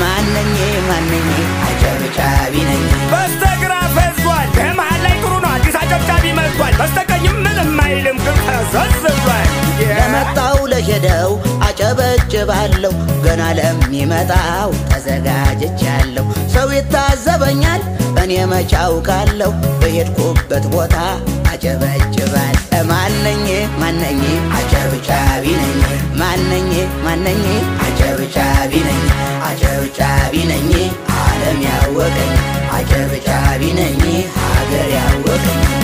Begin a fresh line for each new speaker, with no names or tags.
ማነኝ ማነኝ አጨብጫቢ ነኝ።
በስተግራ ፈዟል፣ በመሃል ላይ ጥሩ ነው አዲስ አጨብጫቢ መጥቷል። በስተቀኝም ምንም አይልም ግን ፈሰስ
ለመጣው ለሄደው አጨበጭባለሁ፣ ገና ለሚመጣው ተዘጋጅቻለሁ። ሰው ይታዘበኛል እኔ መች አውቃለሁ፣ በሄድኩበት ቦታ አጨበጭባል ማነኝ ማነኝ አጨብጫቢ ነኝ ማነኝ ማነኝ working I carry cabin me.